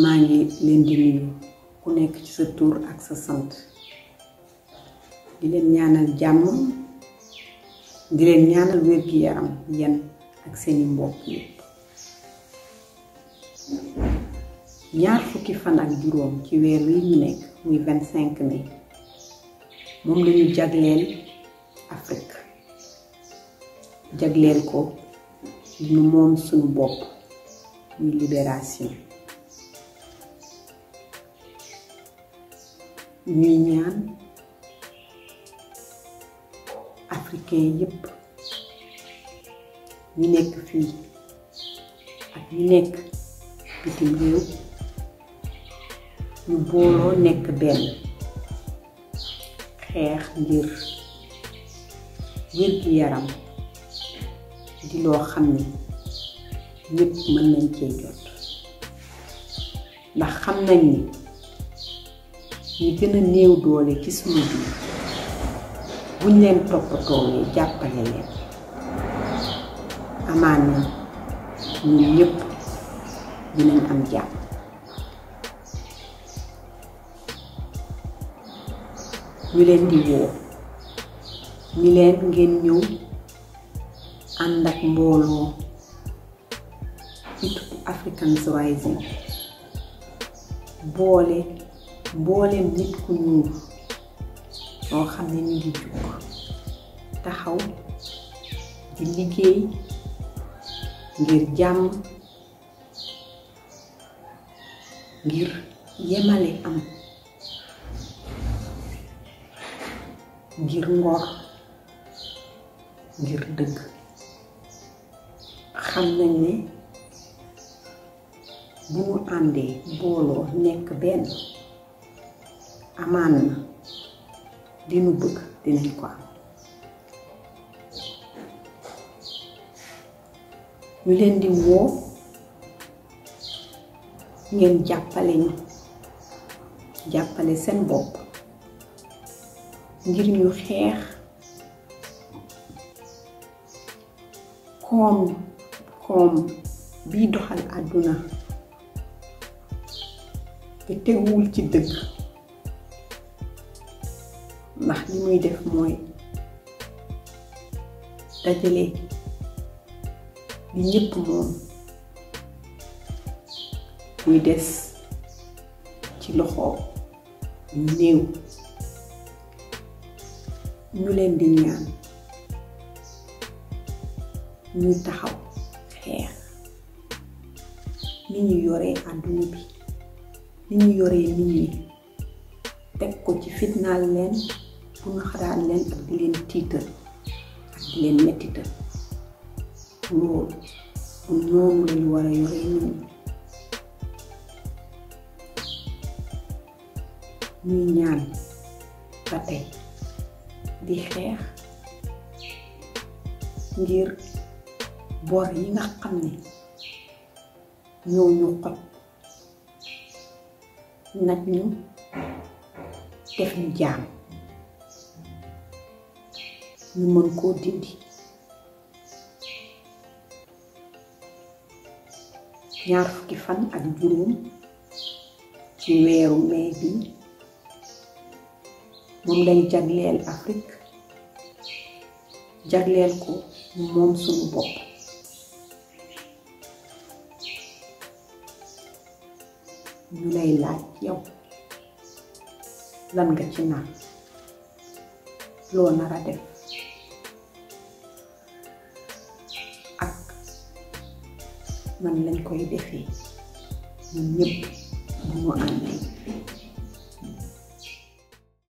maa ngi leen di nuyu ku nekk ci sa tur ak sa sant di leen ñaanal jàmm di leen ñaanal wér-gi-yaram yéen ak seeni mbokk yépp ñaar fukki fan ak juróom ci weer wi ñu nekk muy vingt cinq mai moom lañu jagleel Afrique jagleel ko li ñu moom suñu bopp muy libération ñuy ñaan africain yépp ñu nekk fii ak ñi nekk bitim réew ñu booloo nekk benn xeex ngir wér yaram di loo xam ni ñépp mën nañ cee ndax xam nañ ñi gën a néew doole ci suñu biir buñ leen toppatoo ne jàppale leen amaan na ñun ñëpp dinañ am jàpp ñu leen di woo ñi leen ngeen ñëw ànd ak mbooloo ci tudd African Rising boole mbooleem nit ku ñuul moo xam ne ñu ngi jug taxaw di liggéey ngir jàmm ngir yemale am ngir ngor ngir dëgg xam nañ ni bu mu àndee booloo nekk benn amaan na li nu bëgg dinañ ko am ñu leen di woo ngeen jàppale ñu jàppale seen bopp ngir ñu xeex koom koom bii doxal àdduna te teguwul ci dëgg ndax li muy def mooy dajale li ñëpp moom muy des ci loxo néew ñu leen di ñaan ñuy taxaw xeex ni ñu yoree àdduna bi ni ñu yoree nit ñi teg ko ci fitnaal leen pour nga xaraan leen ak di leen tiital ak di leen mettital loolu noonu lañu war a yore ñun ñuy ñaan ba tey di xeex ngir bor yi nga xam ne ñoo ñu xoj nag ñu def ñu jaam ñu mën koo dindi ñaar fukki fan ak juróom ci weeru mai bi moom lañ jagleel Afrique jagleel ko moom suñu bopp ñu lay laaj yow lan nga ci naan loo nar def man lañ koy defee ñun ñëpp ñu ànd